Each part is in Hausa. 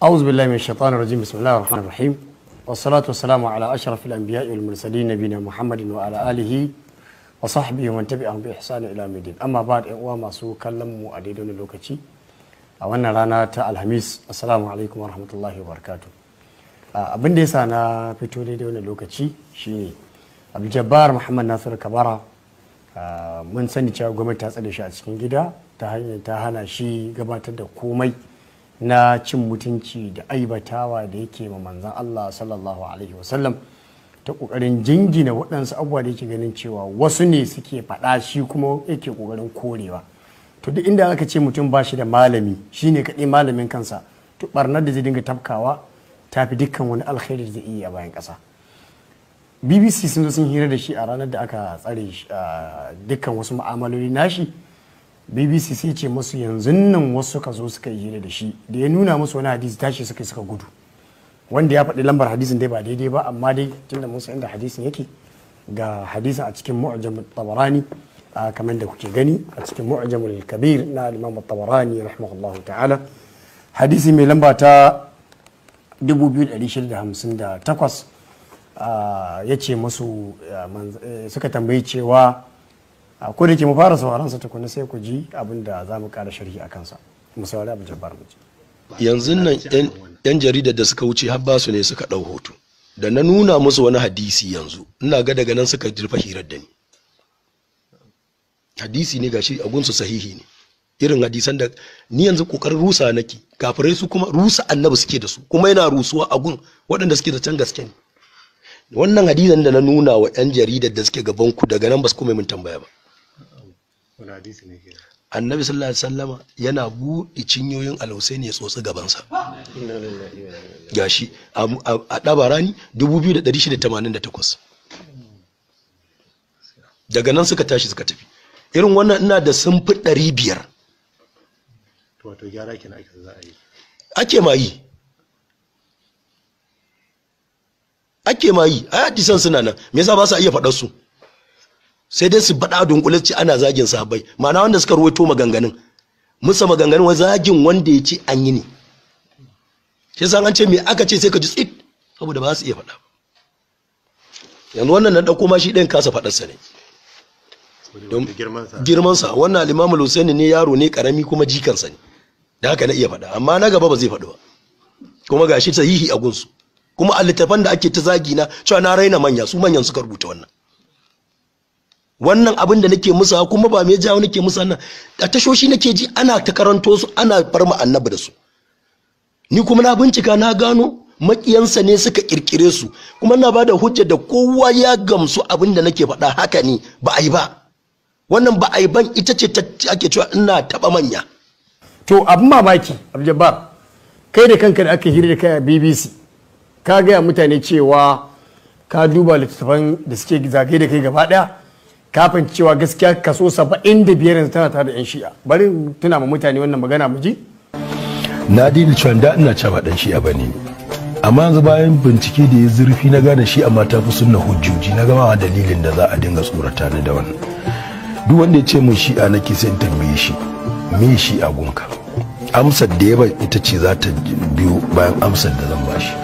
أعوذ بالله من الشيطان الرجيم بسم الله الرحمن الرحيم والصلاة والسلام على أشرف الأنبياء والمرسلين نبينا محمد وعلى آله وصحبه ومن تبعهم بإحسان إلى مدين أما بعد وما سو كلم وأديدون لوكتي أولنا رانا الخميس السلام عليكم ورحمة الله وبركاته أبن da ya في na fito daidai wani lokaci shine abdul muhammad nasiru kabara mun sani cewa gwamnati ta جدا تهانا شي قمت gida ta na cin mutunci da aibatawa da yake ma manzan Allah sallallahu alaihi wasallam ta kokarin jingina waɗansu abuwa da yake ganin cewa wasu ne suke faɗa shi kuma yake kokarin korewa to duk inda aka ce mutum ba shi da malami shi ne kaɗai malamin kansa to ɓarnar da zai dinga tafkawa ta fi dukkan wani alkhairi da zai iya bayan ƙasa bbc sun zo sun hira da shi a ranar da aka tsare dukkan wasu ma'amaloli nashi bbc sai ce musu yanzu nan wasu ka zo suka yi hira da shi da ya nuna musu wani hadisi tashi suka suka gudu wanda ya faɗi lambar hadisin dai ba daidai ba amma dai tunda musu inda hadisin yake ga hadisin a cikin mu'jam tabarani kamar da kuke gani a cikin mu'jam kabir na imam tabarani rahimahullah ta'ala hadisi mai lamba ta 2658 ya ce musu eh, suka tambayi cewa ko da ke mu fara sauraron sa tukuna sai ku ji abin da za mu kara sharhi a kansa mu saurari abin jabbar mu yanzu nan yan jaridar da suka wuce har basu ne suka ɗau hoto da na nuna musu wani hadisi yanzu ina ga daga nan suka jirfa hirar da ni hadisi ne gashi a gunsu sahihi ne irin hadisan da ni yanzu kokarin rusa nake kafirai su kuma rusa annabi suke da su kuma yana rusuwa a gun waɗanda suke da can gaske ne wannan hadisan da na nuna wa 'yan jaridar da suke gaban ku daga nan ba su kuma mun tambaya ba annabi sallallahu alaihi wasallama yana buɗe cinyoyin alhusaini ya tsotsi gabansa gashi a ɗabarani 2688 daga nan suka tashi suka tafi irin wannan ina da sun fi ɗari biyar wato gyara kenan ake za a yi ake ma yi ake ma yi a hadisan suna nan me yasa ba su iya faɗar su sai dai su faɗa dunkule ce ana zagin sahabbai ma'ana wanda suka ruwaito maganganun musa maganganun wa zagin wanda ya ce an yi ne shi yasa an ce me aka ce sai ka ji tsit saboda ba su iya faɗa yanzu wannan na ɗauko ma shi ɗayan kasa faɗarsa ne girmansa wannan alimamu lusaini ne yaro ne karami kuma jikansa ne da haka na iya faɗa amma na gaba ba zai faɗi ba kuma gashi sahihi a gunsu kuma a littafan da ake ta zagi na cewa na raina manya su manyan suka rubuta wannan wannan abin da nake musa kuma ba mai jawo nake musa nan a tashoshi nake ji ana ta karanto su ana farma annabi da su ni kuma na bincika na gano makiyansa ne suka kirkire su kuma na da hujja da kowa ya gamsu abin da nake faɗa haka ne ba a yi ba wannan ba a ban ita ce ta ake cewa ina taɓa manya to abin mamaki abjabbar kai da kanka da aka hira da kai a bbc ka gaya mutane cewa ka duba littattafan da suke zagaye da kai gaba ɗaya kafin cewa gaskiya kaso saba'in da biyar yanzu tana tare da yan shi'a bari tuna ma mutane wannan magana mu ji na dini cewa da ina cewa dan shi'a bane amma yanzu bayan bincike da ya zurfi na gane shi'a mata ta fi sunna hujjoji na gama dalilin da za a dinga tsorata ni da wannan duk wanda ya ce mun shi'a nake sai in tambaye shi me shi'a gunka amsar da ya ita ce za ta biyo bayan amsar da zan ba shi.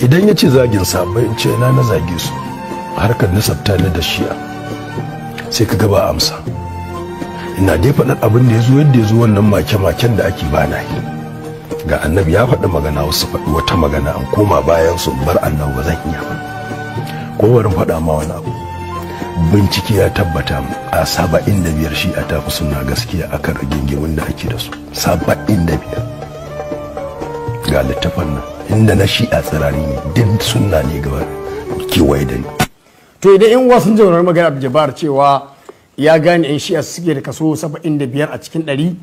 idan ya ce zagin sabai ce na na zage su harkar nasabta ni da shi'a sai ka gaba amsa ina dai faɗin abin da ya zo yadda ya zo wannan make-maken da ake bana yi ga annabi ya faɗi magana wasu faɗi wata magana an koma bayan su bar annabi ba zan iya ba ko barin faɗa ma wani abu bincike ya tabbata a saba'in da biyar shi a tafi suna gaskiya a akan rigingimin da ake da su saba'in da biyar ga littafin nan inda na shi a tsirari ne din suna ne gaba kewaye da ni to idan yan wasan jaunar magana abu jabar cewa ya gane yan shi'a suke da kaso 75 a cikin 100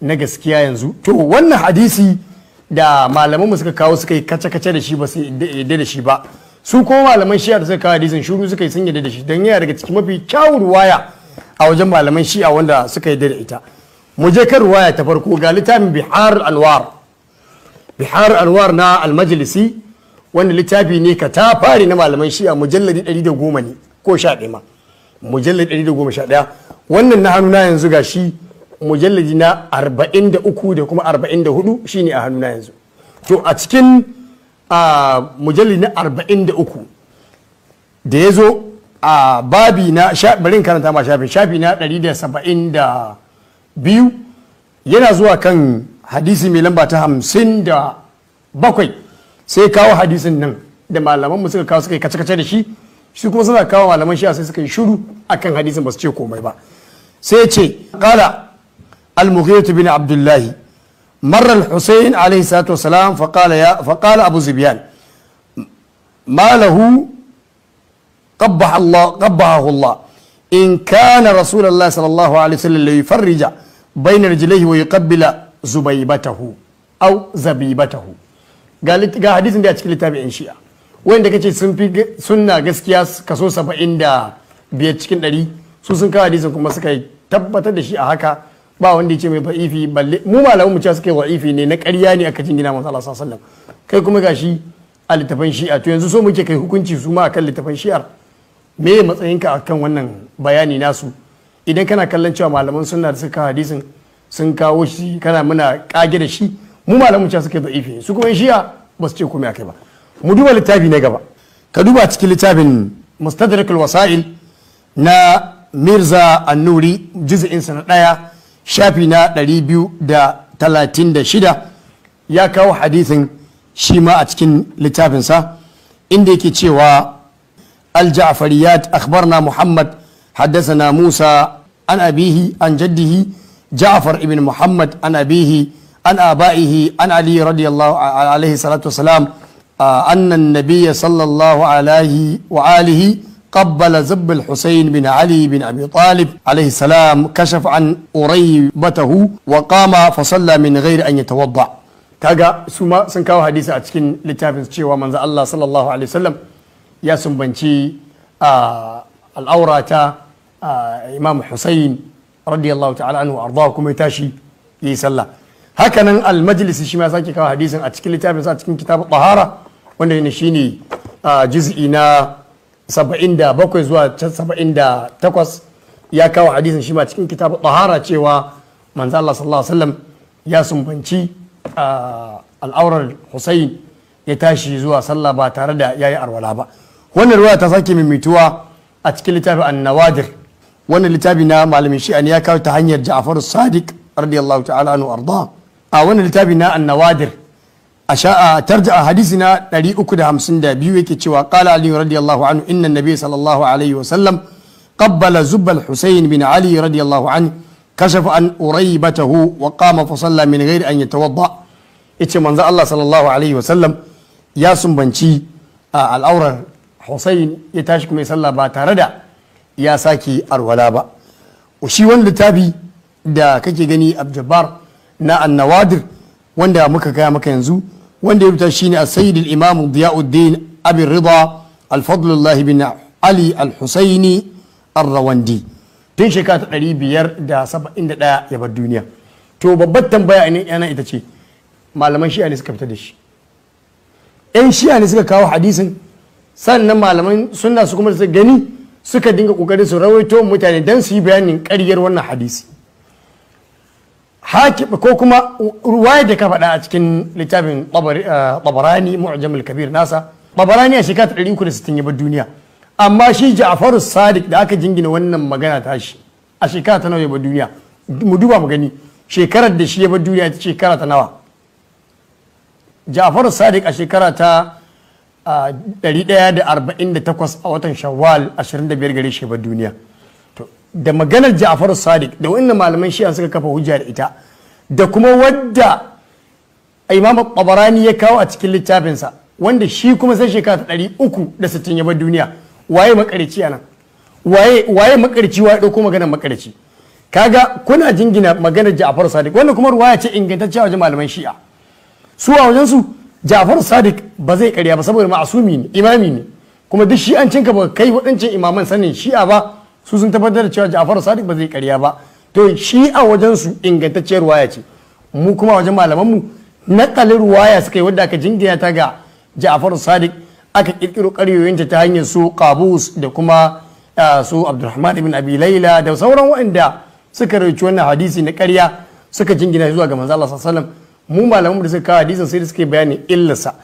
na gaskiya yanzu to wannan hadisi da malamanmu suka kawo suka yi kace-kace da shi ba su yadda da shi ba su ko malaman shi'a da suka kawo hadisin shuru suka yi sun yadda da shi don yana daga cikin mafi kyawun waya a wajen malaman shi'a wanda suka yadda da ita mu je kan ruwaya ta farko ga littafin bihar anwar bihar anwar na almajlisi wanda littafi ne ka ta fari na malaman shi'a mujalladi 110 ne ko 11 ma mujalladi 111 wannan na hannuna yanzu ga shi mujalladi na 43 da kuma 44 shi ne a hannuna yanzu to a cikin mujalladi na 43 da ya zo a babi na barin karanta ma shafi shafi na 172 yana zuwa kan hadisi mai lamba ta 57 sai kawo hadisin nan da malaman mu suka kawo suka yi kace-kace da shi shi kuma suna kawo malaman shi sai suka yi shiru akan hadisin ba su ce komai ba sai ce qala al-mughirah bin abdullahi marra al-husayn alayhi salatu wasalam fa qala ya fa qala abu zibiyan ma lahu qabbaha Allah qabbahu Allah in kana rasulullah sallallahu alaihi wasallam la yufarrija bayna rijlihi wa yuqabbila zubaybatahu aw zabibatahu ga hadisin da a cikin littafin yan shi'a wanda kace sun fi sunna gaskiya kaso 75 da biyar cikin ɗari su sun kawo hadisin kuma suka tabbatar da shi a haka ba wanda ya ce mai fa'ifi balle mu malamin mu cewa suka yi wa'ifi ne na ƙarya ne aka jingina manzo Allah sallallahu kai kuma gashi a littafin shi'a to yanzu so muke kai hukunci su ma akan littafin shi'a me matsayinka akan wannan bayani nasu idan kana kallon cewa malaman sunna da suka hadisin sun kawo shi kana muna kage da shi mu malamin cewa suke da'ifi su kuma shi'a ba su ce komai akai ba mu duba littafi ne gaba ka duba cikin littafin mustadrak wasail na mirza annuri juz'in sa na daya shafi na 236 ya kawo hadisin shi ma a cikin littafin sa inda yake cewa الجعفريات أخبرنا محمد حدثنا موسى عن أبيه عن جده جعفر ابن محمد عن أبيه an abaihi an ali radiyallahu alaihi salatu wasalam أن النبي صلى الله عليه وآله قبل زب الحسين بن علي بن أبي طالب عليه السلام كشف عن أريبته وقام فصلى من غير أن يتوضع كاغا سما سنكاو حديث أتكين لتافن شيوا من الله صلى الله عليه وسلم يا سنبنشي آه الأورة آه إمام حسين رضي الله تعالى عنه وأرضاه كما يتاشي يسلى hakanan almajlisi shi ma sake kawo hadisin a cikin littafin a cikin kitabun tahara wanda ne shine a juz'i na 77 zuwa 78 ya kawo hadisin shi ma cikin kitabun tahara cewa manzo Allah sallallahu alaihi wasallam ya sumbanci al'aurar Hussein ya tashi zuwa sallah ba tare da yayi arwala ba wannan ruwa ta sake mimituwa a cikin littafin an-nawadir wannan littafi na malamin shi'a ne ya kawo ta hanyar Ja'far Sadiq radiyallahu ta'ala anhu arda a wani littafi na annawadir a sha'a tarja a hadisi na 352 yake cewa qala ali radiyallahu anhu inna nabiy sallallahu alaihi wa sallam qabbala zubbal husayn bin ali radiyallahu anhu kashafa an uraybatahu wa qama fa salla min ghairi an yatawadda yace manzo Allah sallallahu alaihi wa sallam ya sumbanci al'aurar Hussein ya tashi kuma ya sallah ba tare da ya sake arwala ba shi wani littafi da kake gani abjabbar na annawadir wanda muka gaya maka yanzu wanda ya fita shine a sayyidul imam diyauddin abin rida alfadlullah bin ali alhusaini arrawandi tun shekara ta biyar 571 ya bar duniya to babbar tambaya ne yana ita ce malaman shi'a ne suka fita da shi yan shi'a ne suka kawo hadisin sannan malaman suna su kuma su gani suka dinga kokarin su rawaito mutane don su yi bayanin ƙaryar wannan hadisi hakim ko kuma ruwaya da ka faɗa a cikin littafin tabarani mu'jamul kabir nasa tabarani a shekara 360 ya bar duniya amma shi ja'faru sadiq da aka jingina wannan magana ta shi a shekara ta nawa ya bar duniya mu duba mu gani shekarar da shi ya bar duniya ta shekara ta nawa ja'faru sadiq a shekara ta 148 a watan shawwal 25 gare shi ya bar duniya da maganar jafaru Sadiq da wannan malaman Shi'a suka kafa hujja da ita da kuma wadda Imam Qabarani ya kawo a cikin littafinsa wanda shi kuma sai shekara ta 360 ya bar duniya waye makarici anan waye waye makarici waye dauko maganar makarici kaga kuna jingina maganar Ja'far Sadiq wannan kuma ruwaya ce ingantacce a wajen malaman Shi'a su a wajen su Ja'far Sadiq ba zai karya ba saboda ma'asumi ne imami ne kuma duk shi an ka ba kai waɗancan imaman sanin Shi'a ba su sun tabbatar da cewa Ja'far Sadiq ba zai karya ba to shi a wajen su ingantacciyar ruwaya ce mu kuma wajen malaman mu kalin ruwaya suka yi wadda aka jingina ta ga Ja'far Sadiq aka kirkiro ƙaryoyin ta hanyar su Qabus da kuma su Abdulrahman ibn Abi Layla da sauran waɗanda suka rauci wannan hadisi na karya suka jingina zuwa ga manzo Allah sallallahu alaihi wasallam mu malaman da suka kawo hadisin sai da suke bayanin illarsa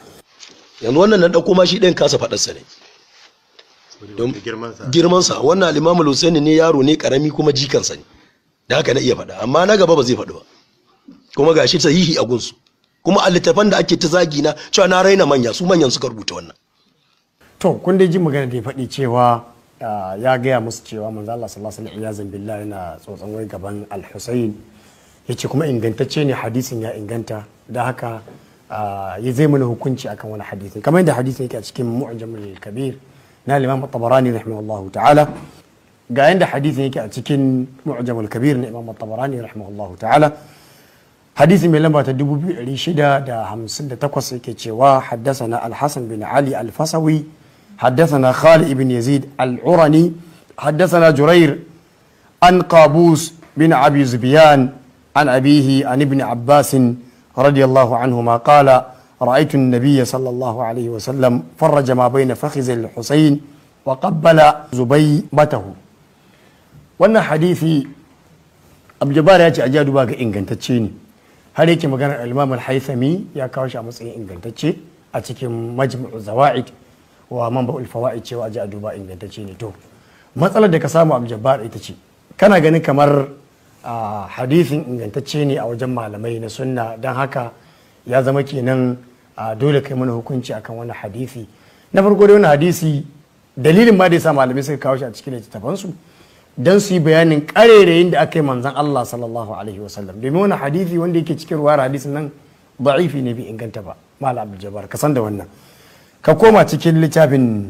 yanzu wannan na dauko ma shi ɗin kasa faɗarsa ne girmansa wannan al'imamu lusaini ne yaro ne karami kuma jikansa ne da haka na iya faɗa amma na gaba ba zai faɗi ba kuma gashi sahihi a gunsu kuma a littafan da ake ta zagi na cewa na raina manya su manyan suka rubuta wannan to kun dai ji magana da ya faɗi cewa ah, ya gaya musu cewa manzo Allah sallallahu alaihi wasallam ya yana tsotsan wai gaban al-Husayn yace kuma ingantacce ne hadisin ya inganta da haka ah, ya zai mana hukunci akan wani hadisin kamar yadda hadisin yake a cikin mu'jamul kabir na Imam Tabarani rahimahullahu ta'ala ga yanda hadisin yake a cikin Mu'jamul Kabir na Imam Tabarani rahimahullahu ta'ala hadisi mai lamba da 2658 yake cewa haddathana Al-Hasan bin Ali alfasawi fasawi haddathana Khalid ibn Yazid Al-Urani Jurair an Qabus bin Abi Zubiyan an abihi an ibn Abbasin radiyallahu anhuma qala رأيت النبي صلى الله عليه وسلم فرج ما بين فخذ الحسين وقبل زبيبته wannan hadisi abjabara ya ce a ba ga ingantacce ne har yake maganar al-imam al ya kawo shi a matsayin ingantacce a cikin majmu'u zawaid wa manba'ul fawaid cewa a duba ingantacce ne to matsalar da ka samu abjabara ita ce kana ganin kamar hadisin ingantacce ne a wajen malamai na sunna dan haka ya zama kenan a dole kai mana hukunci akan wani hadisi na farko da wani hadisi dalilin ma da yasa malamai suka kawo shi a cikin su don su yi bayanin karerayin da aka yi manzan Allah sallallahu alaihi wasallam domin wani hadisi wanda yake cikin ruwar hadisin nan da'ifi ne bi inganta ba malam abdul jabbar ka san da wannan ka koma cikin littafin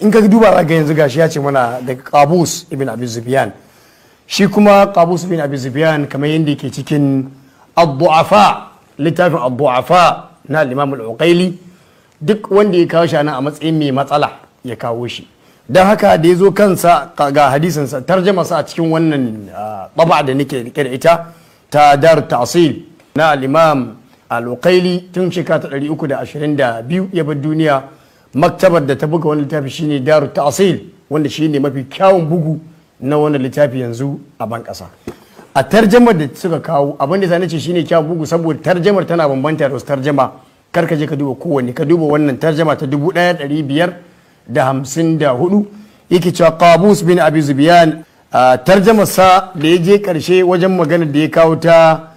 in ka duba za ga yanzu gashi ya ce mana da qabus ibn abi zubiyan shi kuma qabus ibn abi zubiyan kamar yanda yake cikin ad littafin ad na limamu imam duk wanda ya kawo shi a matsayin mai matsala ya kawo shi don haka da ya zo kansa ga hadisinsa tarjama sa a cikin wannan ɓaba ah, da nake rike da ita ta dar tasir na limam imam al-uqaili tun shekara ta 322 ya bar duniya maktabar da ta buga wani littafi shine dar tasir wanda shine mafi kyawun bugu na wani littafi yanzu a ban ƙasa a tarjamar da suka kawo abin da zane ce shine kya bugu saboda tarjamar tana bambanta da wasu tarjama kar ka je ka duba kowanne ka duba wannan tarjama ta dubu ɗaya ɗari biyar da hamsin da hudu yake cewa qabus bin abi zubiyan tarjamar sa da ya je karshe wajen magana da ya kawo ta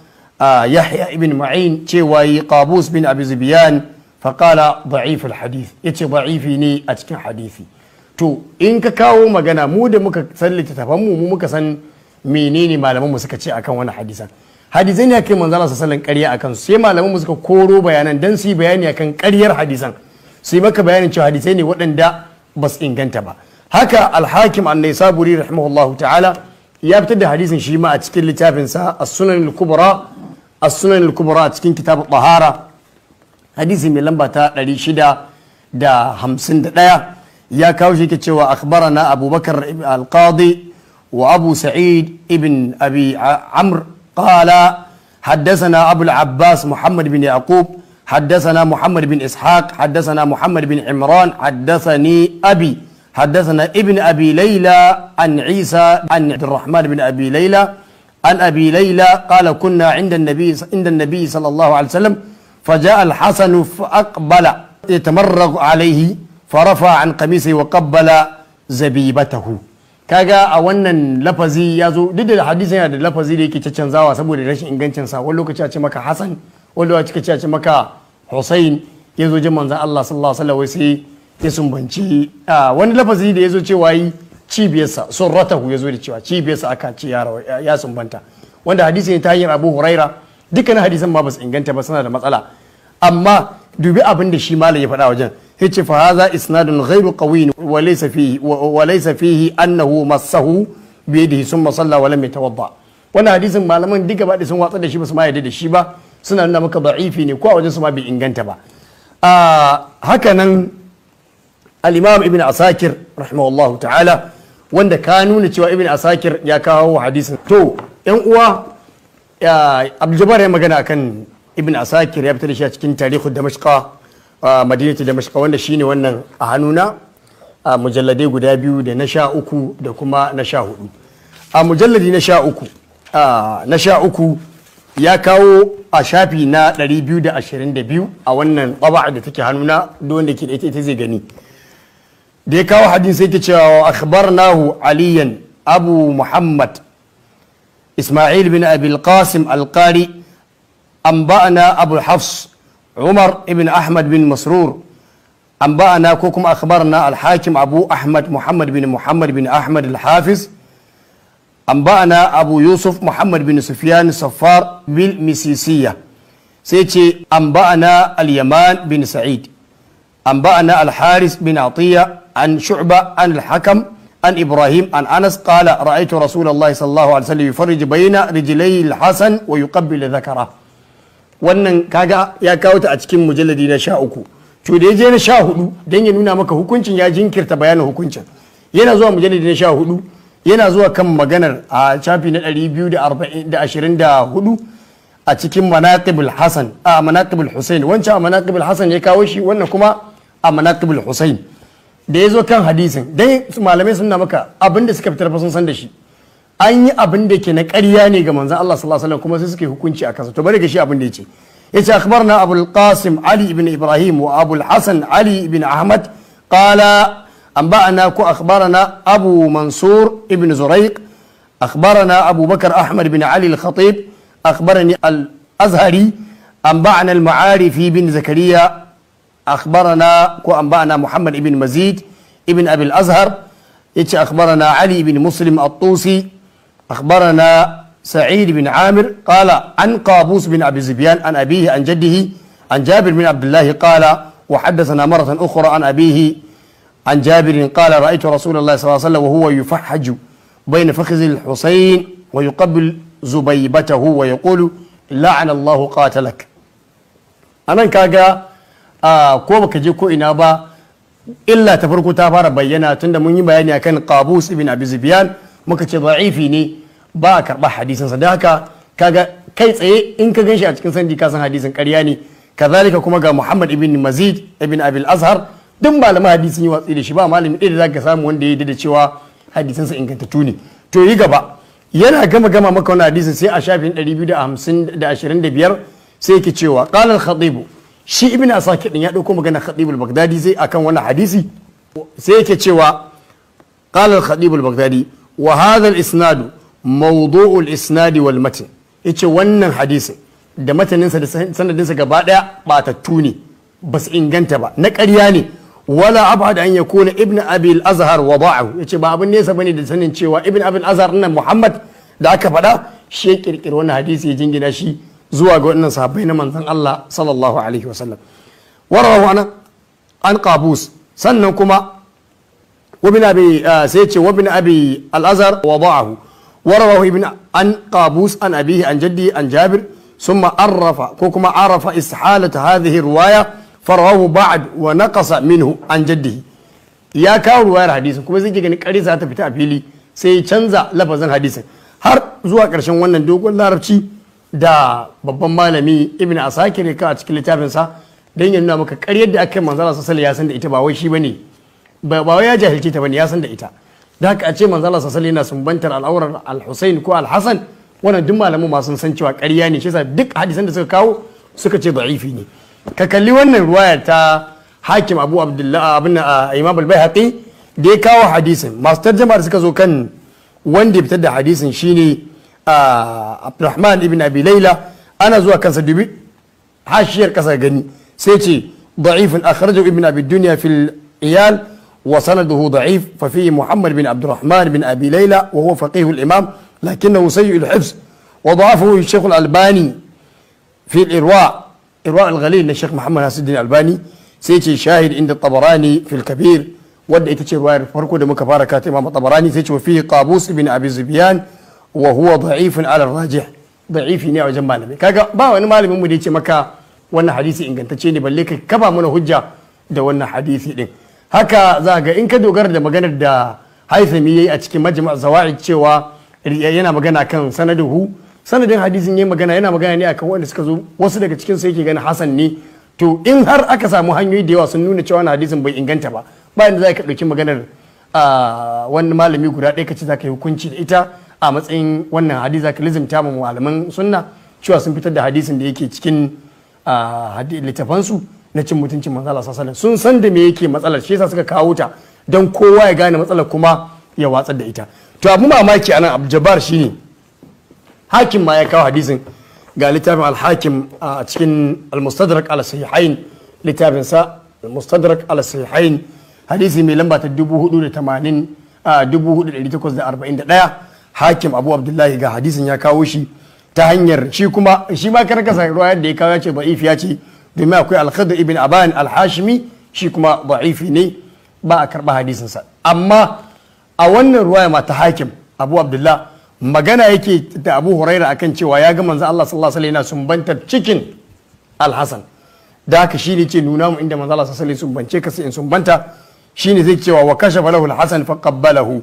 yahya ibn ma'in cewa yi qabus bin abi zubiyan faƙala da'if hadith ya ce da'ifi ne a cikin hadisi to in ka kawo magana mu da muka san littattafan mu muka san menene malaman mu suka ce akan wani hadisan hadisai ne kai manzo Allah sallallahu alaihi ƙarya akan sai malaman mu suka koro bayanan dan su yi bayani akan ƙaryar hadisan sai maka bayanin cewa hadisai ne waɗanda ba su inganta ba haka alhakim annai saburi rahimahullahu ta'ala ya fitar da hadisin shi ma a cikin littafin sa a sunan al-kubra a sunan al-kubra a cikin kitab bahara hadisi mai lamba ta 651 ya kawo shi ke cewa akhbarana abubakar al-qadi وأبو سعيد ابن أبي عمرو قال حدثنا أبو العباس محمد بن يعقوب حدثنا محمد بن إسحاق حدثنا محمد بن عمران حدثني أبي حدثنا ابن أبي ليلى عن عيسى عن عبد الرحمن بن أبي ليلى عن أبي ليلى قال كنا عند النبي عند النبي صلى الله عليه وسلم فجاء الحسن فأقبل يتمرغ عليه فرفع عن قميصه وقبل زبيبته kaga a wannan lafazi ya zo duk da hadisin yana da lafazi da yake caccanzawa saboda rashin ingancin sa wani lokaci a ce maka Hassan wani lokaci a ce maka Hussein ya zo jin manzan Allah sallallahu alaihi wasallam sai ya sumbanci wani lafazi da ya zo cewa yi cibiyarsa surratahu ya zo da cewa cibiyarsa aka ce ya sumbanta wanda hadisi ne ta yi Abu Huraira dukkanin hadisan ma ba su inganta ba suna da matsala amma dubi abin da shi malam ya faɗa wajen yace fa hadha isnadun ghairu qawin wa laysa fihi wa laysa fihi annahu massahu bi yadihi summa salla wa lam yatawadda wannan hadisin malaman duk gaba sun watsar da shi ba su ma yadda da shi ba suna nuna maka da'ifi ne ko a wajen su ma bai inganta ba haka nan al-imam ibn asakir rahimahullahu ta'ala wanda ka nuna cewa ibn asakir ya kawo hadisin to yan uwa abdul ya magana akan ibn asakir ya fitar da shi a cikin da damashqa madinatu da mashika wanda shine wannan a hannuna a mujalladai guda biyu da na sha uku da kuma na sha hudu a mujalladi na sha uku na sha uku ya kawo a shafi na 222 a wannan tsaba da take hannuna duk wanda ke da ita zai gani da ya kawo hadin sai wa cewa nahu aliyan abu muhammad isma'il bin abil qasim alqari ba'ana abu hafs umar ibn ahmad bin masrur أنبأنا كوكم أخبرنا الحاكم أبو أحمد محمد بن محمد بن أحمد الحافظ أنبأنا أبو يوسف محمد بن سفيان الصفار بالمسيسية سيتي أنبأنا اليمان بن سعيد أنبأنا الحارس بن عطية عن شعبة عن الحكم عن إبراهيم عن أنس قال رأيت رسول الله صلى الله عليه وسلم يفرج بين رجلي الحسن ويقبل ذكره wannan kaga ya kawo ta a cikin mujalladi na sha uku to da ya je na sha hudu don ya nuna maka hukuncin ya jinkirta bayanin hukuncin yana zuwa mujalladi na sha hudu yana zuwa kan maganar a shafi na 224 a cikin manaqibul hasan a manaqibul husain wancan a manaqibul hasan ya kawo shi wannan kuma a manaqibul husain da ya zo kan hadisin dan malamai suna maka abinda suka fitar fa sun san da shi an yi abin da ke na ƙarya ne ga manzon Allah sallallahu alaihi kuma sai suke hukunci a kansa to bari ga shi abin da yace yace akhbarna abul qasim ali ibn ibrahim wa abul hasan ali ibn ahmad qala anba'ana ku akhbarana abu mansur ibn zuraiq akhbarana abu bakr ahmad ibn ali al-khatib akhbarani al-azhari anba'ana al-ma'arifi bin zakariya muhammad وأنبأنا mazid بن مزيد ابن أبي الأزهر إيش ali علي muslim مسلم الطوسي أخبرنا سعيد بن عامر قال عن قابوس بن أبي زبيان عن أبيه عن جده عن جابر بن عبد الله قال وحدثنا مرة أخرى عن أبيه عن جابر قال رأيت رسول الله صلى الله عليه وسلم وهو يفحج بين فخذ الحسين ويقبل زبيبته ويقول لعن الله قاتلك أنا كاجا آه كوبك جيكو إنابا إلا تفرقوا تافار بينا تند من يبيني كان قابوس بن أبي زبيان muka ce za'ifi ne ba a karɓa hadisinsa da haka kaga kai tsaye in ka gan shi a cikin sandi ka san hadisin ƙarya ne kazalika kuma ga muhammad ibn mazid ibn abil azhar duk malaman hadisin yi watsi da shi ba malami ɗaya da ka samu wanda ya da cewa hadisinsa ingantattu ne to yi gaba yana gama gama maka wani hadisin sai a shafin biyar? sai yake cewa qala Khadibu. shi ibn asakir din ya ɗauko magana Khadibu bagdadi sai akan wani hadisi sai yake cewa qala Khadibu bagdadi wa hadha isnadu Maudu'ul isnadi wal matin yace wannan hadisin da mataninsa da sanadinsa gaba daya batattu ne ba su inganta ba na ƙarya ne wala abada an yakuna ibn abi al-azhar wada'ahu yace ba abin nesa bane da sanin cewa ibn abi al-azhar nan muhammad da aka faɗa shi ya kirkiri wannan hadisi ya jingina shi zuwa ga wannan sahabbai na manzon Allah sallallahu alaihi wa sallam warahu ana an qabus sannan kuma wabin abi ah, sai ce wabin abi al-azhar wada'ahu warar ba ko ibin an qabus an abiki an jaddihi an jabir sun macarrafa ko kuma cararrafa isa halitta hadahi ruwaya farawahu bacad wa naqasa minhu an jaddihi ya kawo ruwayar hadisi kuma zai iya ganin kare za ta fita a fili sai canza labasan hadisi har zuwa karshen wannan dogon larabci da babban malami ibin a sake ne a cikin littafinsa dangin nu abin ka karya yadda aka yi a matsaloli a sallan ya san da ita ba wai shi ba ne ya jahilci ta ba ne ya san da ita. da haka a ce manzo Allah sallallahu alaihi wasallam yana sumbantar al'aurar al-Husain ko al-Hasan wannan duk malamu masu sun san cewa ƙarya ne shi yasa duk hadisan da suka kawo suka ce da'ifi ne ka kalli wannan ruwaya ta Hakim Abu Abdullah abin ah, Imam al-Baihaqi da ya kawo hadisin masu tarjama da suka zo kan wanda ya fitar da hadisin shine ah, Abdurrahman ibn Abi Layla ana zuwa kansa dubi hashiyar kasa gani sai ce da'ifin akhrajahu ibn Abi Dunya fil iyal وسنده ضعيف ففيه محمد بن عبد الرحمن بن أبي ليلى وهو فقيه الإمام لكنه سيء الحفظ وضعفه الشيخ الألباني في الإرواء إرواء الغليل للشيخ محمد ناصر الدين الألباني سيتي شاهد عند الطبراني في الكبير wadda ita ce ruwayar farko da muka fara kata imam tabarani sai ce fi qabus bin abi zubiyan wa huwa da'ifun ala rajih da'ifi ne a wajen malamai kaga ba wani malamin mu da ce maka wannan hadisi ingantacce ne balle kai kafa mana hujja da wannan hadisi haka za ga in ka dogara da maganar da haithami yi a cikin majma' zawa'i cewa yana magana kan sanaduhu sanadin hadisin yayi magana yana magana ne kan wanda suka zo wasu daga cikin su yake gani hasan ne to in har aka samu hanyoyi da yawa sun nuna cewa hadisin bai inganta ba bayan da za ka ɗauki maganar wani malami guda ɗaya ka ci za ka yi hukunci da ita a matsayin wannan hadisi za ka lizimta ma malaman sunna cewa sun fitar da hadisin da yake cikin littafansu na cin mutuncin manzo Allah sallallahu sun san da me yake matsalar shi yasa suka kawo ta dan kowa ya gane matsalar kuma ya watsar da ita to abu mamaki anan abjabar shine hakim ma ya kawo hadisin ga littafin al-hakim a cikin al-mustadrak sahihain littafin sa al-mustadrak sahihain hadisi mai lamba ta 480 4841 hakim abu abdullahi ga hadisin ya kawo shi ta hanyar shi kuma shi ma karkasa ruwa yadda ya kawo ya ce ba ya ce domin akwai alkhadar ibn aban alhashimi shi kuma da'ifi ne ba a karba hadisinsa amma a wannan ruwaya mata hakim abu abdullah magana yake da abu huraira akan cewa ya ga manzo Allah sallallahu alaihi wasallam sumbantar cikin alhasan da haka shine ce nuna mu inda manzo Allah sallallahu alaihi wasallam sumbance ka sai in sumbanta shine zai cewa wa kashafa lahu alhasan fa qabbalahu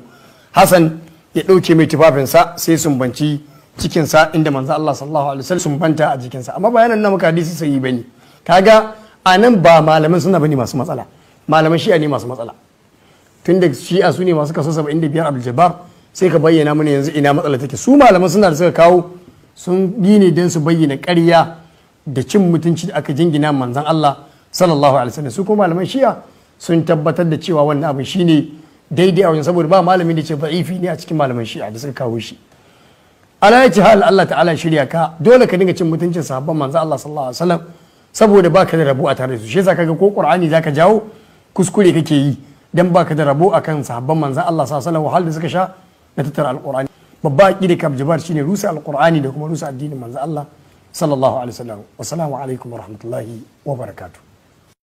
hasan ya dauke mai tufafinsa sai sumbanci cikinsa inda manzo Allah sallallahu alaihi wasallam sumbanta a jikinsa amma bayanan na muka hadisi sai yi bane kaga a nan ba malaman suna bane masu matsala malaman shi'a ne masu matsala tun da shi'a su ne masu kaso 75 abdul jabbar sai ka bayyana mana yanzu ina matsala take su malaman suna da suka kawo sun yi ne don su bayyana karya da cin mutunci da aka jingina manzan Allah sallallahu alaihi wasallam su kuma malaman shi'a sun tabbatar da cewa wannan abin ne daidai a wajen saboda ba malamin da ce fa'ifi ne a cikin malaman shi'a da suka kawo shi ala ya ci hal Allah ta'ala shirya ka dole ka dinga cin mutuncin sahabban manzan Allah sallallahu alaihi wasallam saboda baka da rabo a tare da su shi yasa kaga ko qur'ani zaka jawo kuskure kake yi dan baka da rabo akan sahabban manzon Allah sallallahu alaihi wasallam da suka sha na tattara alqur'ani babba aqida kam jabar shine rusa alqur'ani da kuma rusa addinin manzon Allah sallallahu alaihi wasallam assalamu alaikum warahmatullahi wabarakatuh